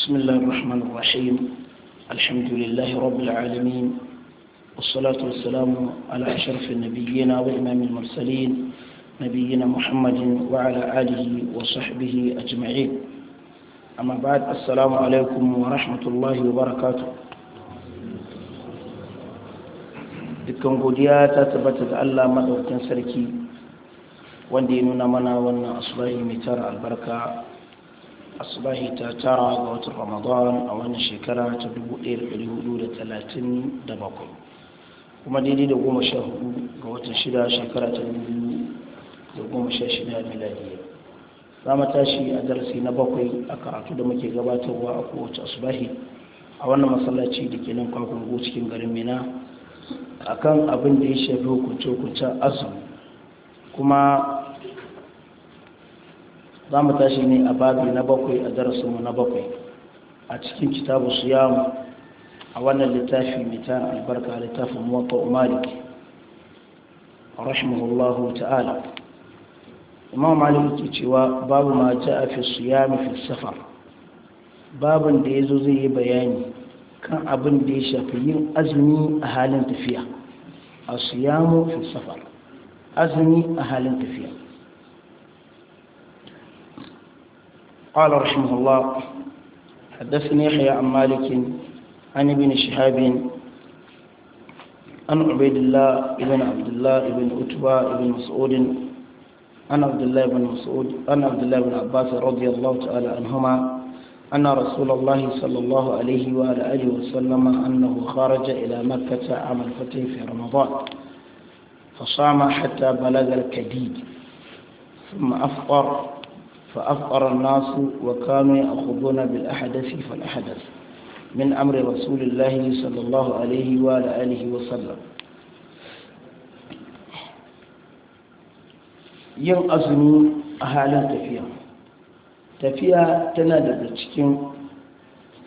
بسم الله الرحمن الرحيم الحمد لله رب العالمين والصلاة والسلام على أشرف النبيين وإمام المرسلين نبينا محمد وعلى آله وصحبه أجمعين أما بعد السلام عليكم ورحمة الله وبركاته dukkan godiya ta tabbata da Allah madaukakin sarki wanda ya nuna mana wannan asubahi mai tara albarka asibahi ta tara ga watan ramadan a wannan shekara ta 1437 kuma daidai da goma sha hudu ga watan shida shekara ta 2016 miladiya za mu tashi a darasi na bakwai a karatu da muke gabatarwa a kowace asibahi a wannan masallaci da ke nan go cikin garin mina akan abin da ya shafi hukunce-hukuncen azumi kuma za mu tashi ne a babi na bakwai a darasinmu na bakwai a cikin kitabu yamu a wannan littafi mai tara albarka littafin muwatta malik rahimahullahu ta'ala imam malik ke cewa babu ma ta a fi su yami fi safar babin da ya zo zai yi bayani kan abin da ya shafi yin azumi a halin tafiya a su yamu fi safar azumi a halin tafiya قال رحمه الله حدثني يحيى عن مالك عن ابن شهاب عن عبيد الله بن عبد الله بن عتبة بن مسعود عن عبد الله بن مسعود عن عبد الله بن عباس رضي الله تعالى عنهما أن رسول الله صلى الله عليه وعلى آله وسلم أنه خرج إلى مكة عام الفتح في رمضان فصام حتى بلغ الكديد ثم أفطر فأفقر الناس وكانوا يأخذون بالأحدث فالأحدث من أمر رسول الله صلى الله عليه وعلى وسلم yin azumi a halin tafiya tafiya tana daga cikin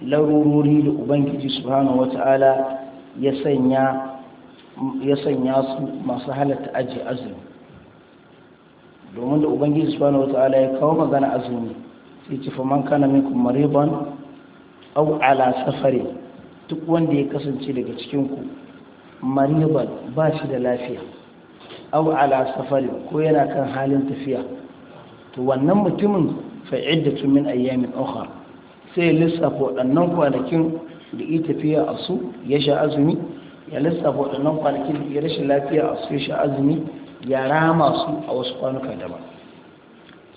larurori da ubangiji subhanahu wata'ala ya sanya su masu halatta ajiye azumi domin da ubangiji subhanahu wata'ala ya kawo magana azumi sai ci faman kana minkum mariban aw ala safari duk wanda ya kasance daga cikin ku ba shi da lafiya aw ala safari ko yana kan halin tafiya to wannan mutumin fa iddatu min ayyamin ukhra sai lissafa waɗannan kwanakin da yi tafiya a su ya sha azumi ya lissafa waɗannan kwanakin da ya rashin lafiya a su ya sha azumi ya rama su a wasu kwanuka daban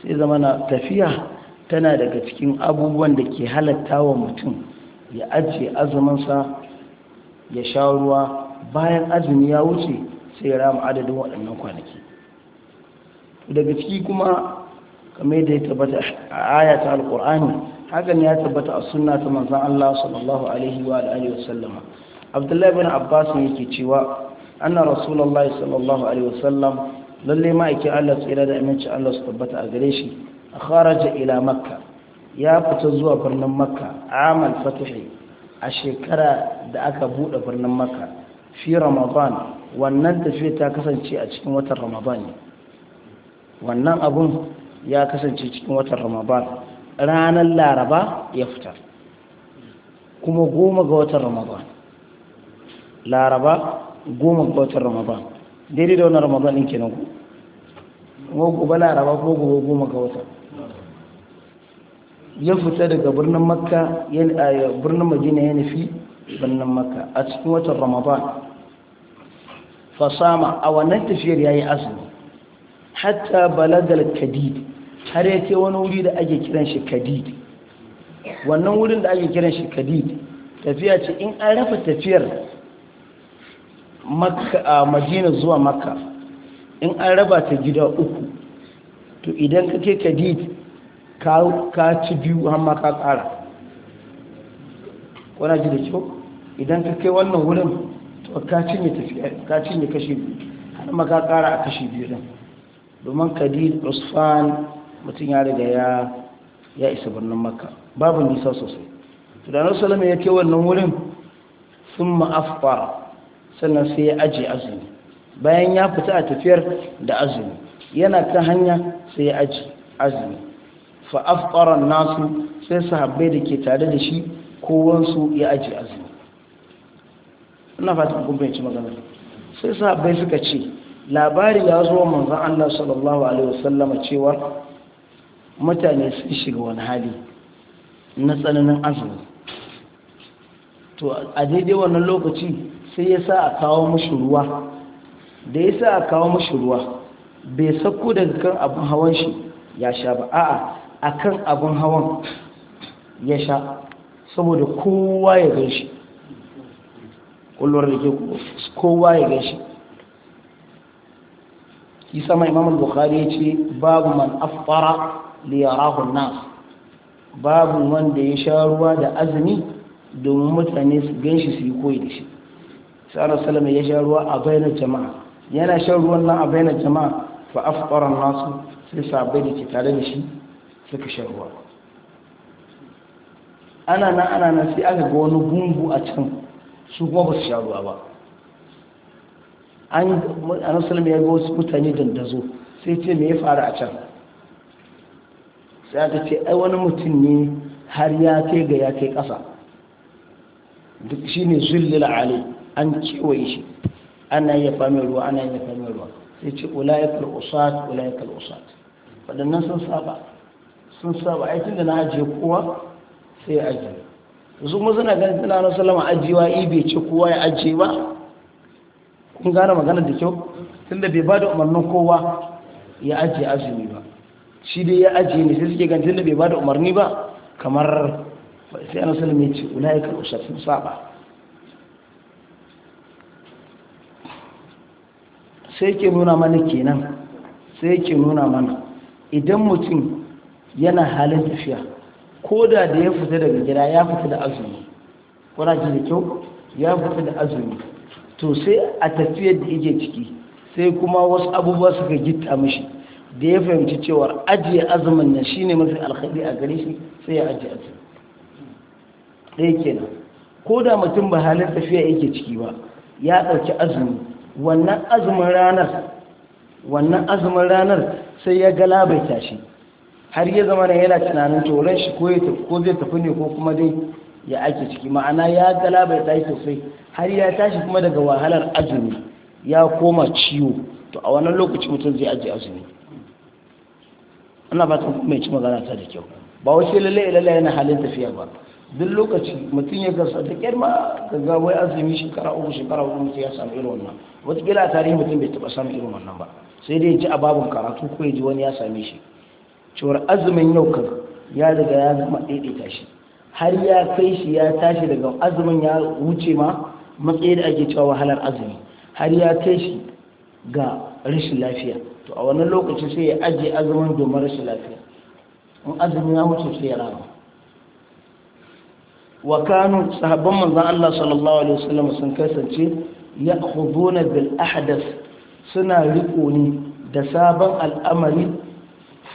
sai zama na tafiya tana daga cikin abubuwan da ke halatta wa mutum ya ajiye azuminsa ya sha ruwa bayan azumi ya wuce sai ya rama adadin waɗannan kwanaki daga ciki kuma kamar da ya tabbata a ayata alƙur'ani hakan ya tabbata a suna ta manzan Allah sallallahu alaihi wa alihi wasallama abdullahi bin abbas yake cewa anna rasulullahi sallallahu alaihi wasallam lalle ma'aikin Allah tsira da aminci Allah su tabbata a gare shi a kharaja ila makka ya fita zuwa birnin makka amal fatihi a shekara da aka bude birnin makka fi ramadan wannan tafiya ta kasance a cikin watan ramadan ne wannan abun ya kasance cikin watan ramadan ranar laraba ya fita kuma goma ga watan ramadan laraba goma ga watan ramadan daidai da wani ramadan ɗin kenan ku kuma gobe laraba ko gobe goma ga wata ya fita daga birnin makka birnin madina ya nufi birnin makka a cikin watan ramadan fasama a wannan tafiyar ya yi azumi hatta balagal kadid har ya ce wani wuri da ake kiran shi kadid wannan wurin da ake kiran shi kadid tafiya ce in an rafa tafiyar madina zuwa makka in an raba ta gida uku to idan ka ke kadid ka ci biyu hamma ka kara wana ji da kyau idan ka kai wannan wurin to ka ne kashi biyu hamma ka kara a kashi biyu don domin kadid usfan mutum ya riga ya isa birnin makka babu nisa sosai to da salama ya kai wannan wurin sun ma'afara sannan sai ya aje azumi bayan ya fita a tafiyar da azumi yana ta hanya sai ya aje azumi fa afqara nasu sai sahabbai da ke tare da shi kowansu ya aje azumi ina fatan kun ci magana sai sahabbai suka ce labari ya zo manzon Allah sallallahu alaihi wasallama cewa mutane sun shiga wani hali na tsananin azumi to a daidai wannan lokaci sai ya sa a kawo mashi ruwa da ya sa a kawo mashi ruwa bai sako daga kan abin hawan shi ya sha ba a'a a kan abin hawan ya sha saboda kowa ya gan shi kullum da ke kowa ya gan shi Ki sama imam bukhari ya ce babu man afara liyarahun nas babu wanda ya sha ruwa da azumi domin mutane su gan shi su yi koyi da shi sa'ar salama ya sha ruwa a bainar jama'a yana shan ruwan nan a bainar jama'a a afqara nasu sai sabai da ke tare da shi suka sha ruwa ana nan ana nan sai aka ga wani gungu a can su kuma ba su sha ruwa ba an salama ya ga wasu mutane dandazo sai ce me ya faru a can sai aka ce ai wani mutum ne har ya kai ga ya kai ƙasa duk shi ne zullil alai an ciwaye shi ana iya fami ruwa ana iya fami ruwa sai ce ulayakal usat ulayakal usat waɗannan sun saba sun saba ai tunda na ajiye kowa sai ajiye yanzu kuma suna ganin tana na salama ajiyewa i bai ce kowa ya ajiye ba kun gane magana da kyau tunda bai ba da umarnin kowa ya ajiye azumi ba shi dai ya ajiye ne sai suke ganin tunda bai ba da umarni ba kamar sai na salama ya ce ulayakal usat sun saba sai ke nuna mana kenan sai ke nuna mana idan mutum yana halin tafiya ko da da ya fita daga gida ya fita da azumi kuna ji da kyau ya fita da azumi to sai a tafiyar da ije ciki sai kuma wasu abubuwa suka gitta mishi da ya fahimci cewar ajiye azumin nan shine mafi alkhadi a gare shi sai ya ajiye azumi ɗaya kenan ko da mutum ba halin tafiya yake ciki ba ya ɗauki azumi wannan azumin ranar wannan azumin ranar sai ya galabaita shi har yi zama yana tunanin tauran shi ko zai tafi ne ko kuma dai ya ake ciki ma'ana ya galabaita shi sosai har ya tashi kuma daga wahalar azumi ya koma ciwo to a wannan lokaci mutum zai ajiye azumi ana ta mai ci magana ta da kyau ba wasu sai lalai yana halin tafiya ba duk lokaci mutum ya gasa ta kyarma ga gawai azumi shekara uku shekara uku mutum ya samu irin wannan watakila a tarihi mutum bai taba samun irin wannan ba sai dai ji a babin karatu ko ya ji wani ya same shi cewar azumin yau kan ya daga ya gama daidaita shi har ya kai shi ya tashi daga azumin ya wuce ma matsayi da ake cewa wahalar azumi har ya kai shi ga rashin lafiya to a wannan lokaci sai ya ajiye azumin domin rashin lafiya in azumi ya wuce sai ya rama wa kanu sahabban manzon Allah sallallahu alaihi wasallam sun kasance ya'khuduna bil ahdath suna riko ne da sabon al'amari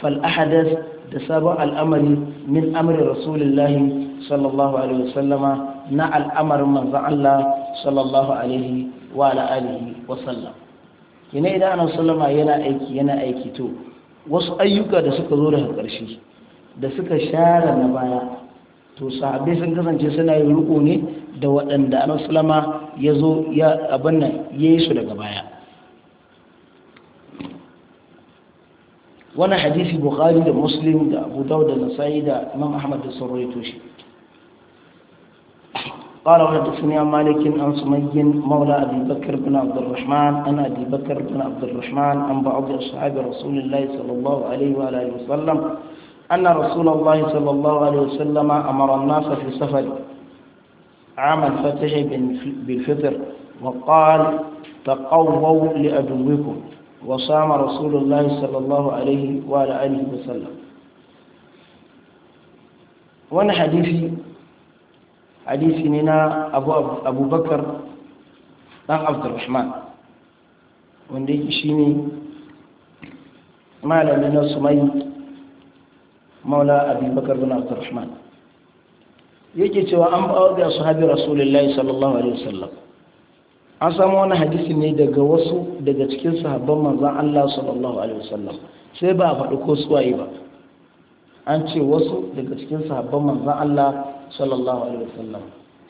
fal ahdath da sabon al'amari min amri rasulullahi sallallahu alaihi wasallama na al'amarin manzon Allah sallallahu alaihi wa ala alihi wa sallam kina idan annabi sallama yana aiki yana aiki to wasu ayyuka da suka zo daga ƙarshe da suka share na baya to sahabbai sun kasance suna yin riko ne da waɗanda annabi sallama ya zo ya abin nan yi su daga baya Wani hadisi bukari da muslim da abu dawud da nasa'i da imam ahmad da sarwaito shi قال وحدثني عن مالك عن سمي مولى ابي بكر بن عبد الرحمن انا ابي بكر بن عبد الرحمن عن بعض اصحاب رسول الله صلى الله عليه وآله وسلم أن رسول الله صلى الله عليه وسلم أمر الناس في السفر عام الفتح بالفطر وقال تقووا لأدوكم وصام رسول الله صلى الله عليه وعلى آله وسلم وانا حديثي حديثي نينا أبو, أبو بكر نعم عبد الرحمن وانا شيني ما لم ينصمي maula abi bakar bin abdurrahman yake cewa an ba'ar da sahabi rasulullahi sallallahu alaihi wasallam an samu wani hadisi ne daga wasu daga cikin sahabban manzon Allah sallallahu alaihi wasallam sai ba a faɗi ko suwaye ba an ce wasu daga cikin sahabban manzon Allah sallallahu alaihi wasallam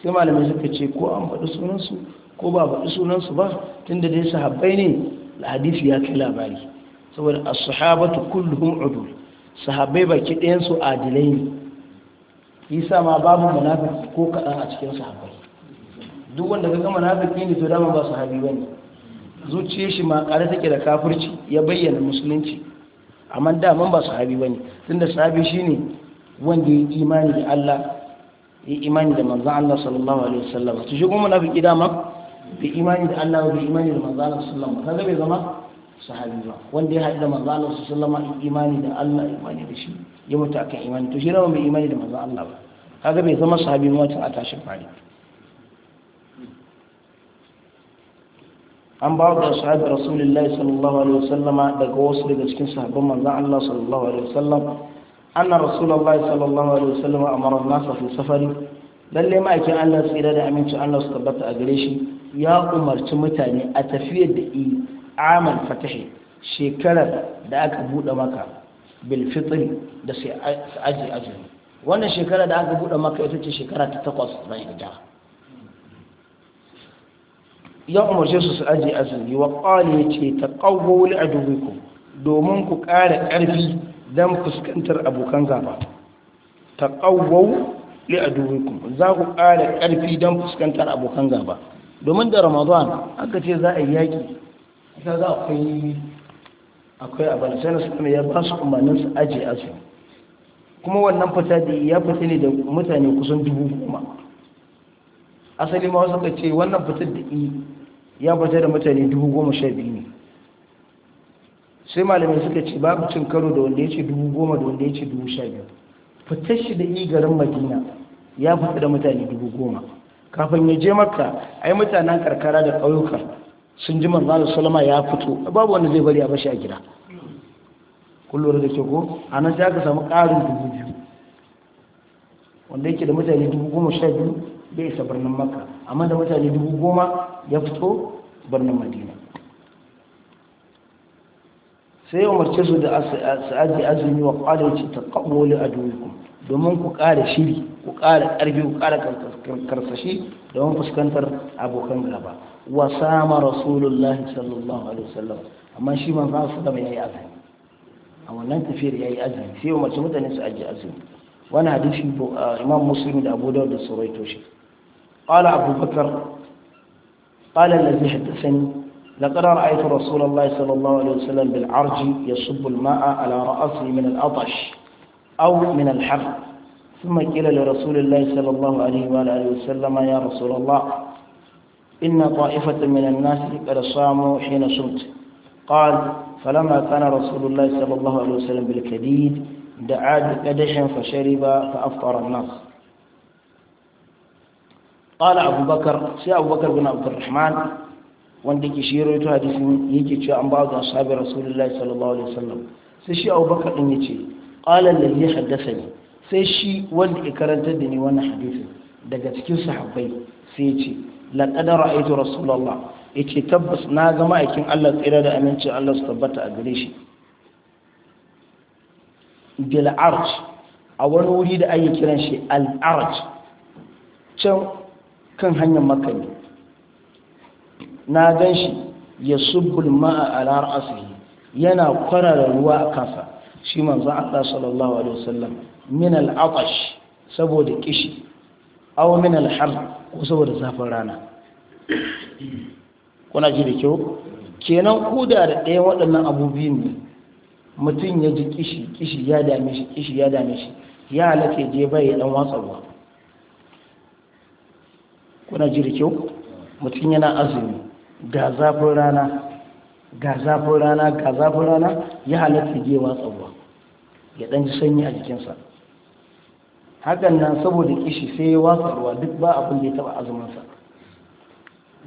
sai malamai suka ce ko an faɗi sunansu ko ba a faɗi sunansu ba tunda dai sahabbai ne hadisi ya kai labari saboda as-sahabatu kulluhum udul sahabbai baki ɗayansu adilai ne isa ma babu munafiki ko kaɗan a cikin sahabbai duk wanda ga munafiki ne to dama ba sahabi bane zuciyar shi ma ƙare take da kafirci ya bayyana musulunci amma dama ba sahabi tun da sahabi ne wanda ya imani da Allah ya imani da manzan Allah sallallahu alaihi wasallam su shi kuma munafiki dama bai imani da Allah bai imani da manzan Allah sallallahu alaihi wasallam bai zama sahabi ba wanda ya haɗu da manzo Allah su sallama imani da Allah imani da shi ya mutu akan imani to shi rawa mai imani da manzo Allah ba kaga bai zama sahabi ba wancan a tashin fari an ba da sahabi rasulullahi sallallahu alaihi wasallam daga wasu daga cikin sahabban manzo Allah sallallahu alaihi wasallam anna rasulullahi sallallahu alaihi wasallam amara an-nasa fi safari lalle ma'aikin Allah tsira da aminci Allah su tabbata a gare shi ya umarci mutane a tafiyar da yi amal fatahi shekarar da aka buɗe maka bil fitri da sai aji azumi wannan shekarar da aka buɗe maka ita ce shekara ta takwas na hijira ya umarce su su aji azumi wa ya ce ta taqawwu li aduwikum domin ku ƙara ƙarfi don fuskantar abokan gaba taqawwu li aduwikum za ku ƙara ƙarfi don fuskantar abokan gaba domin da ramadan aka ce za a yi yaƙi ta za akwai akwai abin sai nasu kuma ya ba su umarnin su a su. kuma wannan fita da ya fita ne da mutane kusan dubu goma asali ma wasu ka ce wannan fata da i ya fita da mutane dubu goma sha biyu ne sai malamai suka ce babu cin karo da wanda ya ce dubu goma da wanda ya ce dubu sha biyu fata shi da i garin madina ya fita da mutane dubu goma kafin ya je maka, ai mutanen karkara da ƙauyuka sun ji manzo da salama ya fito babu wanda zai bari a bashi a gida kullum da ke ko a nan sai aka samu ƙarin dubu biyu wanda yake da mutane dubu goma sha biyu bai isa birnin maka amma da mutane dubu goma ya fito birnin madina sai umarce su da sa'adi azumi wa kwada ce ta kaɓoli a duniya domin ku ƙara shiri ku ƙara ƙarfi ku ƙara karsashi domin fuskantar abokan gaba وسام رسول الله صلى الله عليه وسلم اما شي ما فا من أي اذان أو نان في يا اذان في يوم تموت الناس اجي اذان وانا أدش آه، امام مسلم ده ابو داود سويتو شي قال ابو بكر قال الذي حدثني لقد رايت رسول الله صلى الله عليه وسلم بالعرج يصب الماء على راسه من العطش او من الحر ثم قيل لرسول الله صلى الله عليه واله وسلم يا رسول الله إن طائفة من الناس قد صاموا حين صمت قال فلما كان رسول الله صلى الله عليه وسلم بالكديد دعا بقدح فشرب فأفطر الناس قال أبو بكر سي أبو بكر بن عبد الرحمن wanda ke shi rawaito hadisin yake cewa an ba'u ashabi rasulullahi sallallahu alaihi wasallam sai shi Abu Bakar din yace qala allazi haddathani sai shi wanda ke karantar da ni wannan hadisin daga cikin sahabbai sai laqad ra'aytu rasulullah yace tabbas na ga ma'aikin Allah tsira da aminci Allah su tabbata a gare shi bil arj a wani wuri da ake kiran shi al arj can kan hanyar makani. na gan shi ya subbul ma'a ala ra'sihi yana kwarara ruwa a kansa shi manzon Allah sallallahu alaihi wasallam min al saboda kishi au min al harb ko saboda zafin rana kuna ji da kyau kenan kuda da ɗaya waɗannan abubuwan ne mutum ya ji kishi kishi ya dame shi kishi ya dame shi ya halatta je bai ya ɗan ruwa kuna ji da kyau mutum yana azumi ga zafin rana ga zafin rana ga zafin rana ya halatta je ruwa ya ɗan ji sanyi a jikinsa hakan nan saboda kishi sai watsarwa duk ba abin da ya taba azuminsa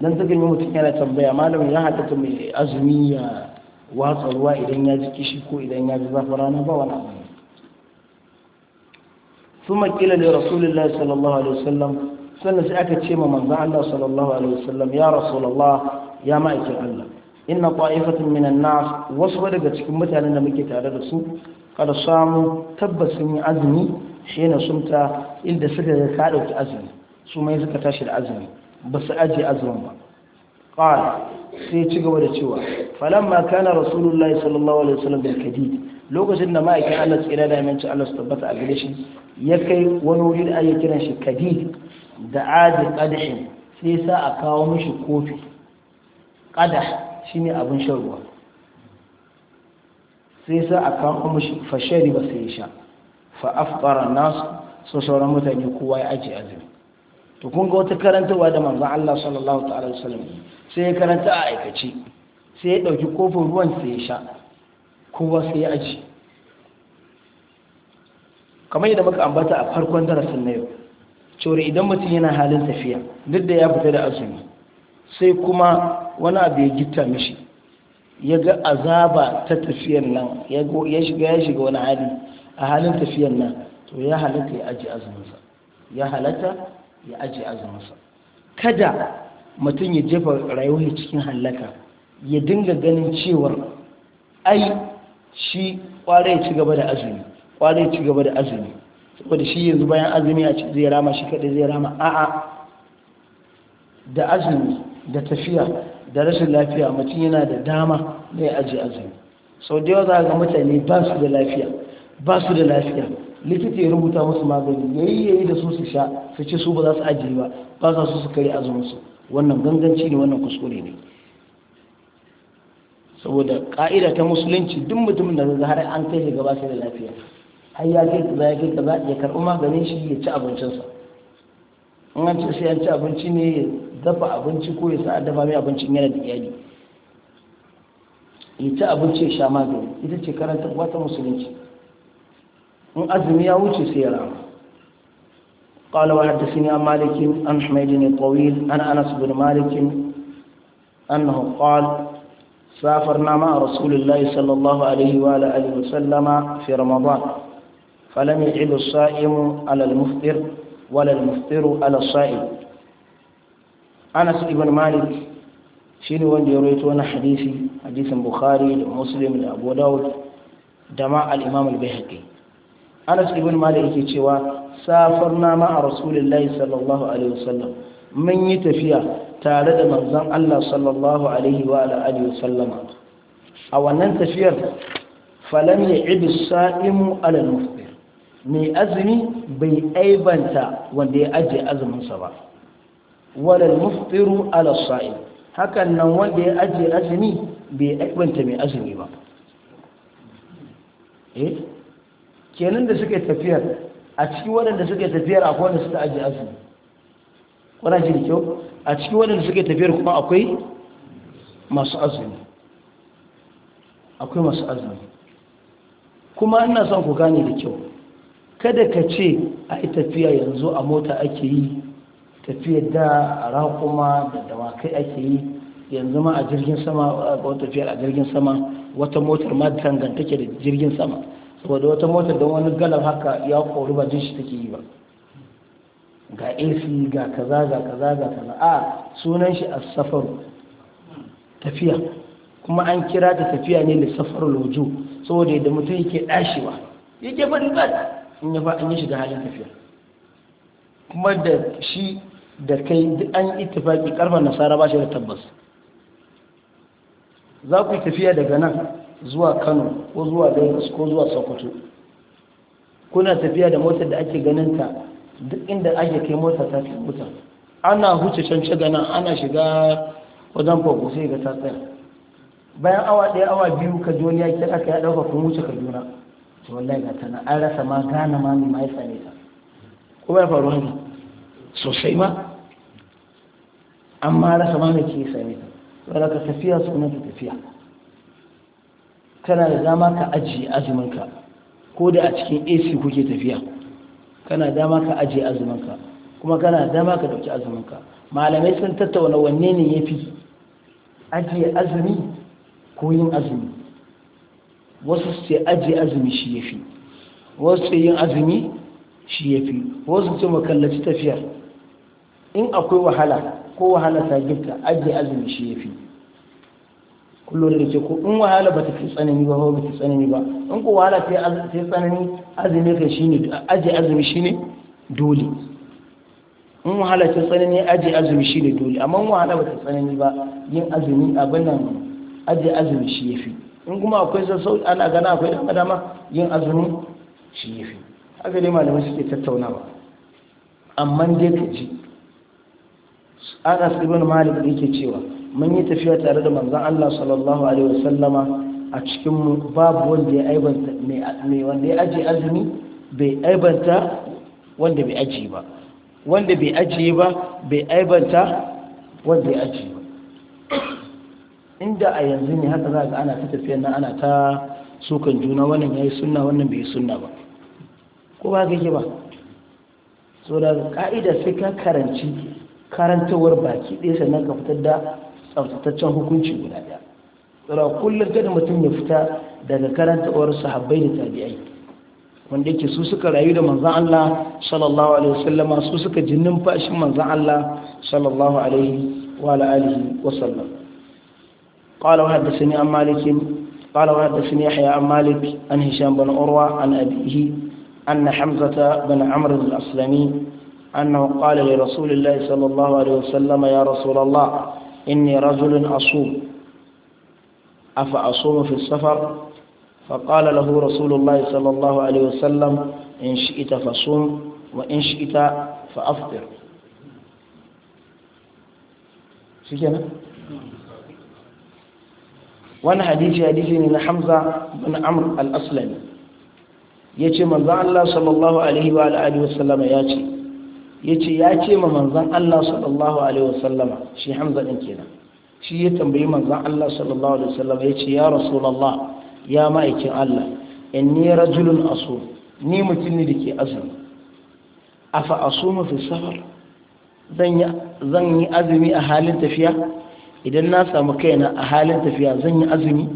don suka yi mutum yana tambaya malamin ya ta mai azumi ya watsarwa idan ya ji kishi ko idan ya ji zafin rana ba wani abu ثم قيل لرسول الله صلى الله عليه وسلم سنة أكتشيم من ذا الله صلى الله عليه وسلم يا رسول الله يا مائك الله إن طائفة من الناس وصولك تكمت على نمك تعالى رسول قد صاموا تبسني أذني shi sumta inda suka ga ka ɗauki azumi su mai suka tashi da azumi ba su aje azumin ba ƙara sai ci gaba da cewa falon ma kana rasulullahi sallallahu alaihi wasallam bil kadid lokacin da ma'aikin allah tsira da ci allah su tabbata a gare shi ya kai wani wuri da ake kiran shi kadid da adi ƙadashin sai sa a kawo mishi kofi qadah shine abin shan ruwa sai sa a kawo mishi fashari ba sai ya sha fa afqara nas so sauran mutane kowa ya aje azumi to kun ga wata karantarwa da manzon Allah sallallahu ta'ala wasallam sai ya karanta a aikace sai ya dauki kofin ruwan sai ya sha kowa sai ya aje kamar yadda muka ambata a farkon darasin na yau cewa idan mutum yana halin tafiya duk da ya fita da azumi sai kuma wani abu ya gitta mishi ya ga azaba ta tafiyar nan ya shiga ya shiga wani hali a halin tafiyan nan to ya halatta ya aji azuminsa ya halatta ya aji azuminsa kada mutum ya jefa rayuwar cikin hallaka ya dinga ganin cewar ai shi kware ya ci gaba da azumi kware ya ci gaba da azumi saboda shi yanzu bayan azumi a ci zai rama shi kadai zai rama a'a da azumi da tafiya da rashin lafiya mutum yana da dama ne aji azumi sau da yawa za ga mutane ba su da lafiya ba su da lafiya likita ya rubuta musu magani ya yi yayi da su su sha su ce su ba za su ajiye ba ba za su su kare azumin su wannan ganganci ne wannan kuskure ne saboda ka'ida ta musulunci duk mutumin da zai har an kai shi gaba sai da lafiya har ya kai ka ya kai ka za ya karɓi maganin shi ya ci abincinsa in an ce sai an ci abinci ne ya dafa abinci ko ya sa a dafa mai abincin yana da iyali ya ci abinci ya sha magani ita ce karanta wata musulunci in azumi ya wuce sai ya rama قال وحدثني عن مالك عن حميد الطويل عن انس بن مالك انه قال سافرنا مع رسول الله صلى الله عليه واله وسلم في رمضان فلم يعد الصائم على المفطر ولا المفطر على الصائم انس بن مالك شنو وين يرويتو انا حديثي حديث البخاري ومسلم وابو داود جماعه الامام البيهقي anas ibn malik yake cewa safarna ma a rasulullahi sallallahu alaihi wasallam mun yi tafiya tare da manzon Allah sallallahu alaihi wa alihi wasallam a wannan tafiyar falam ya'idu sa'imu ala al-muftir mai azumi bai aibanta wanda ya aje azumin sa ba wala al-muftiru ala sa'im hakan nan wanda ya aje azumi bai aibanta mai azumi ba eh kenan da suke tafiyar a cikin waɗanda suke tafiyar akwai wanda suka ajiye azumi kuna ji kyau a cikin waɗanda suke tafiyar kuma akwai masu azumi akwai masu azumi kuma ina son ku gane da kyau kada ka ce a yi tafiya yanzu a mota ake yi tafiyar da raƙuma da dawakai ake yi yanzu ma a jirgin sama a tafiyar a jirgin sama wata motar ma dangantake da jirgin sama da wata motar don wani galab haka ya kori ba jin shi take yi ba ga ac ga kaza ga kaza ga kaza a sunan shi a safaru tafiya kuma an kira ta tafiya ne da safaru lojo saboda yadda mutum yake dashewa yake ba in ya ba an yi shiga halin tafiya kuma da shi da kai an tafaki karfan nasara ba shi da tabbas za ku yi tafiya daga nan zuwa kano ko zuwa lagos ko zuwa sokoto kuna tafiya da motar da ake ganin ta duk inda ake kai mota ta fi ana huce can cigana ana shiga wajen fago sai ga ta bayan awa ɗaya awa biyu ka joni ya kira ka ya ɗauka kun wuce jona. to wallahi ga tana an rasa ma gane ma mai mai tsane ta ko ya faru hannu? sosai ma An ma rasa ma mai ke tsane ta wadda ka tafiya suna da tafiya kana da dama ka ajiye azuminka ko da a cikin ac kuke tafiya kana dama ka ajiye azuminka kuma kana dama ka dauki azuminka malamai sun tattauna wanne ne ya fi ajiye azumi ko yin azumi wasu su ce ajiye azumi shi ya fi wasu ce yin azumi shi ya fi wasu ce makallaci tafiya, in akwai wahala ko wahala ta girka, ajiye azumi shi ya fi kullum da ke ko in wahala ba ta fi tsanani ba ba ta tsanani ba in ko wahala ta yi tsanani azumi shi ne aji azumi ne dole in wahala ta tsanani aji azumi shi ne dole amma in wahala ba ta tsanani ba yin azumi abin nan aje azumi shi ya fi in kuma akwai sassau ana gana akwai dama dama yin azumi shi ya fi haka dai malamai suke tattaunawa amma dai ka ji ana anas ibn malik yake cewa mun yi tafiya tare da manzan Allah sallallahu alaihi wasallama a cikin babu wanda ya aibanta mai wanda ya aje azumi bai aibanta wanda bai aje ba wanda bai aje ba bai aibanta wanda ya aje ba inda a yanzu ne haka za ana ta tafiya nan ana ta sukan juna wannan yayi sunna wannan bai sunna ba ko ba ga ba so da ka'ida sai ka karanci karantawar baki ɗaya sannan ka fitar da tsaftataccen hukunci guda ɗaya tsara kullum kada mutum ya fita daga karanta uwar sahabbai da tabi'ai wanda yake su suka rayu da manzan Allah sallallahu alaihi wasallam su suka ji numfashin manzan Allah sallallahu alaihi wa alihi wa hadathani an malik qala an malik an hisham bin urwa an abihi anna hamzata bin amr al-aslami annahu qala li sallallahu alaihi wasallam ya rasulullah إني رجل أصوم أفأصوم في السفر فقال له رسول الله صلى الله عليه وسلم إن شئت فصوم وإن شئت فأفطر شكرا وانا حديثي حديثي من حمزة بن عمرو الأسلمي يتي من الله صلى الله عليه وآله وسلم ياتي yace ya ce ma manzon Allah sallallahu alaihi wasallama shi Hamza din kenan shi ya tambayi manzon Allah sallallahu alaihi wasallama yace ya rasulullah ya ma'aikin Allah inni rajulun asum ni mutum ne ke azumi fa asumu fi safar yi zan yi azumi a halin tafiya idan na samu kaina a halin tafiya zan yi azumi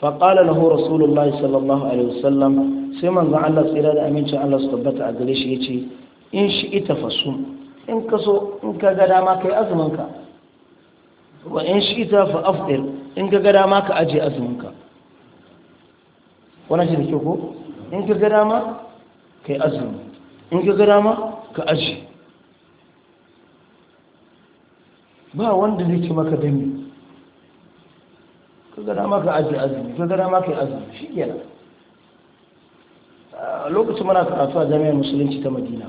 faƙala lahu rasulullahi sallallahu alaihi wasallam sai manzon Allah tsira da aminci Allah su tabbata a gare shi yace in shi ita fasum in ka so in ka ga dama kai azumin ka wa in shi ita fa afdir in ka ga dama ka aje azumin ka wannan shi ne ko in ka ga dama kai azumi in ka ga dama ka aje ba wanda zai ce maka dami gara maka aji azumi ka gara maka azumi shi kenan lokacin muna karatu a jami'ar musulunci ta madina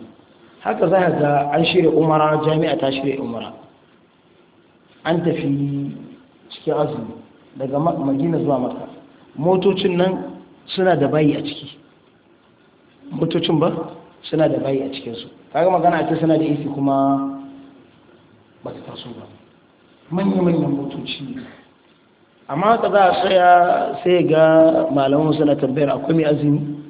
haka za a ga an shirya umara jami'a ta shirya umara an tafi cikin azumi daga madina zuwa maka motocin nan suna da bayi a ciki motocin ba suna da bayi a cikinsu kaga magana ake suna da isi kuma ba ta taso ba manya-manyan motoci ne amma ka za a tsaya sai ga malamin suna tambayar akwai mai azumi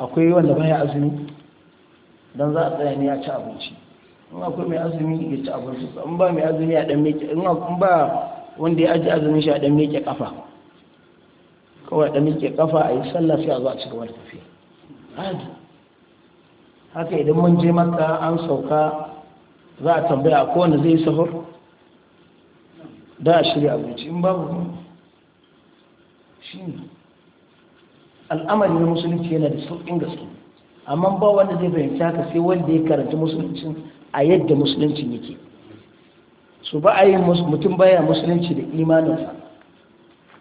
akwai wanda baya azumi don za a tsaya ne ya ci abinci in akwai mai azumi ya ci abinci in ba mai azumi ya dan meke in ba wanda ya aji azumin shi a dan meke kafa kawai dan meke kafa a yi sallah sai a zo a ci gaba tafi tafiya haka idan mun je maka an sauka za a tambaya ko wanda zai yi sahur da a shirya abinci in babu shi ne al'amari na musulunci yana da sauƙin gaske amma ba wanda zai fahimci haka sai wanda ya karanta musulunci a yadda musuluncin yake su ba a yi mutum baya musulunci da imaninsa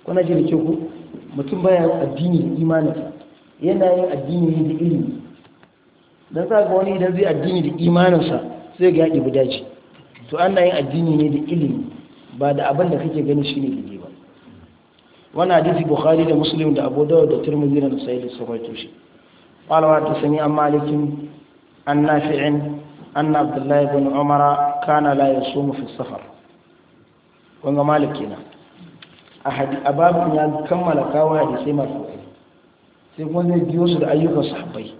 kuna ji da ke ku mutum baya addini da imaninsa yana yin addini da ilimi don za ga wani idan zai addini da imaninsa sai ga yaƙi daji to ana yin addini ne da ilimi ba da abin da kake gani shine daidai ba wannan hadisi bukhari da muslim da abu dawud da tirmidhi da nasai da sauran shi qala wa tasmi an malikin an nafi'in anna abdullah ibn umar kana la yasumu fi safar wanga malik kenan ahadi ababun ya kammala kawo hadisi masu sai kuma zai biyo su da ayyukan sahabbai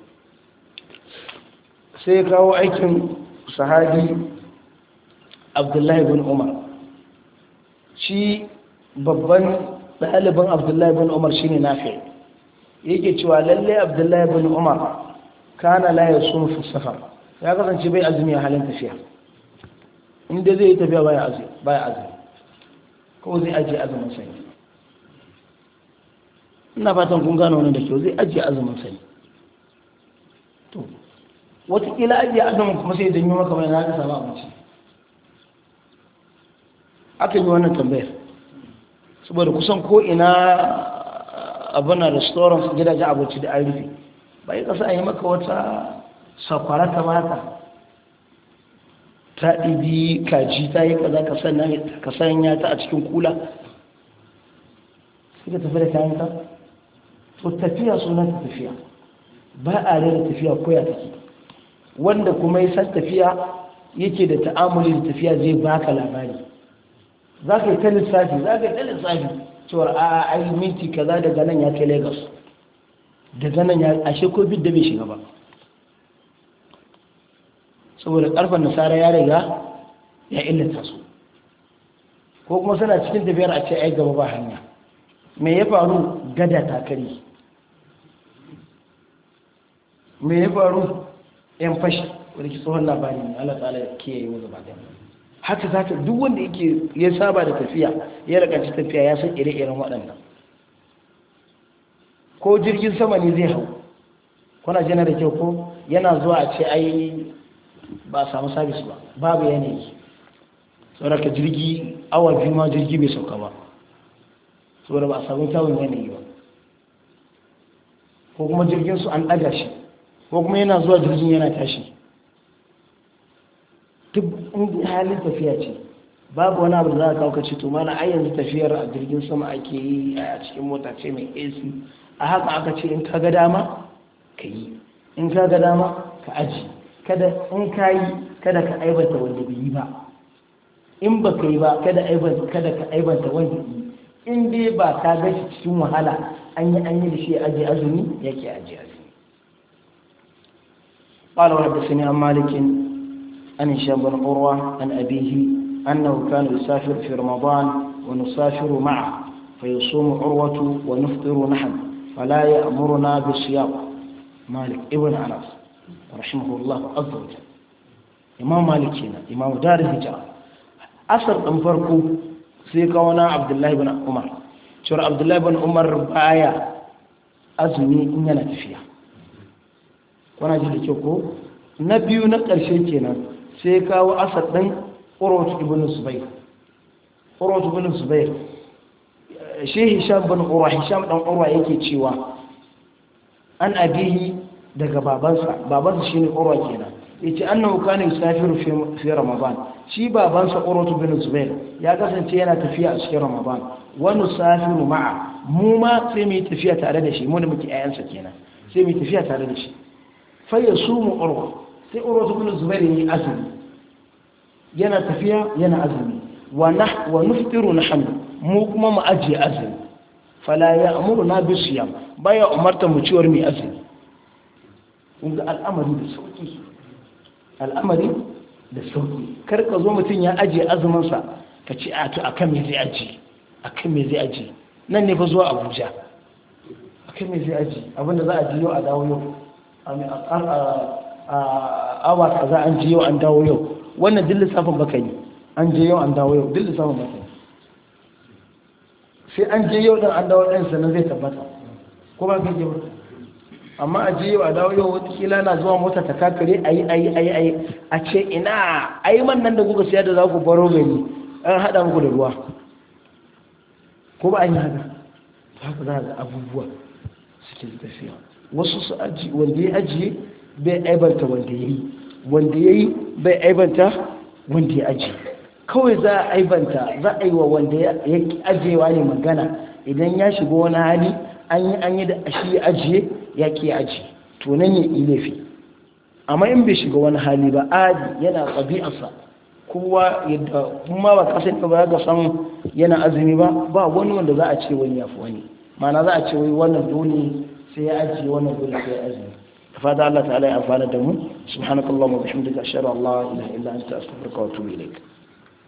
sai kawo aikin sahabi abdullahi bin umar shi babban ɗalibin abdullahi bin umar shi ne nafi yake cewa lalle abdullahi bin umar kana la yasum sun safar ya kasance bai azumi a halin tafiya inda zai yi tafiya baya azumi ko zai ajiye azumin sani ina fatan kun gano wani da kyau zai ajiye azumin sani to wataƙila ajiye azumin kuma sai janyo maka mai na ga sama abinci aka yi wannan tambayar saboda kusan ko ina abana restaurants gidajen abinci da arifi ba yi kasa a yi maka wata sakwara ta mata ta ɗibi kaji ta yi kaza ka sanya ta a cikin kula suka tafi da kayan ta to tafiya suna ta tafiya ba a rera tafiya koya take wanda kuma yi san tafiya yake da ta'amuli da tafiya zai baka labari za ka yi ta lissafi za ka yi ta lissafi cewar a ai minti kaza daga nan ya kai lagos daga nan ya ashe ko bid da bai shiga ba saboda karfan nasara ya riga ya illata su ko kuma suna cikin tafiyar a ce ai gaba ba hanya me ya faru gada ta kare me ya faru yan fashi wani ki tsohon labari ne Allah ta'ala ke yi wa gaba da haka za ta duk wanda yake ya saba da tafiya ya rakaci tafiya ya san ire-iren waɗannan ko jirgin sama ne zai hau kuna jana da kyau ko yana zuwa a ce ai ba a samu sabis ba babu yanayi raka jirgi awa biyu ma jirgi bai sauka ba saboda ba a samu kyawun yanayi ba ko kuma jirgin su an ɗaga shi ko kuma yana zuwa jirgin yana tashi duk inda halin tafiya ce babu wani abu da za a kawo kace to mana ai yanzu tafiyar a jirgin sama ake yi a cikin mota ce mai AC a haka aka ce in ka ga dama ka yi in ka ga dama ka aji kada in ka yi kada ka aibanta wanda bai yi ba in ba ka yi ba kada aibanta kada ka aibanta wanda yi in dai ba ka ga shi cikin wahala an yi an yi da shi aji azumi yake aji azumi قال وحدثني عن مالك عن هشام بن عروة عن أبيه أنه كان يسافر في رمضان ونسافر معه فيصوم عروة ونفطر نحن فلا يأمرنا بالصيام مالك ابن أنس رحمه الله عز وجل إمام مالك هنا إمام دار الهجرة أثر أنفركم سيكونا عبد الله بن عمر شر عبد الله بن عمر بايا أزمي إن فيها وانا جلت يقول نبي biyu شيء ƙarshe sai kawo asar ɗin urwatu ibn zubair urwatu ibn zubair shi hisham bin urwa hisham ɗan urwa yake cewa an abihi daga babansa babansa shi ne urwa kenan yace annahu kana yusafiru fi ramadan shi babansa urwatu bin zubair ya kasance yana tafiya a cikin ramadan wani tafi ma'a mu ma sai mu tafiya tare da shi mu da muke ayansa kenan sai mu tafiya tare da shi su mu urwa sai urwatu bin zubair ne azumi yana tafiya yana azumi wa na wa nuftiru mu kuma mu ajiye azumi fala ya'muruna bisiyam baya umarta mu ciwar mai azumi inda al'amari da sauki al'amari da sauki kar ka zo mutum ya ajiye azuminsa ka ci a to akan me zai aji akan me zai aji nan ne fa zuwa abuja akan me zai aji abinda za a ji yau a dawo yau a awa kaza an je yau an dawo yau wannan duk lissafin baka yi an je yau an dawo yau duk lissafin baka yi sai an je yau dan an dawo din sannan zai tabbata ko ba kake ba amma a je yau a dawo yau wata kila na zuwa mota ta kakare ayi ayi ayi ayi a ce ina ayi man nan da kuka siya da za ku baro gani an hada muku da ruwa ko ba an yi haka za ku za abubuwa suke tafiya wasu su aji wanda ya ajiye bai aibanta wanda ya yi wanda ya yi bai aibanta wanda ya aji kawai za a aibanta za a yi wa wanda ya ajiyewa ne magana idan ya shiga wani hali an yi an yi da shi ajiye ya ke aji to nan ya yi laifi amma in bai shiga wani hali ba adi yana tsabi'arsa kowa kuma ba kasar ka ba ga san yana azumi ba ba wani wanda za a ce wani ya fi wani mana za a ce wai wannan dole sai ya ajiye wannan dole sai ya azumi. fata Allah ta'ala ya amfana da mu subhanakallahumma wa bihamdika ashhadu an la ilaha illa anta astaghfiruka wa atubu ilaik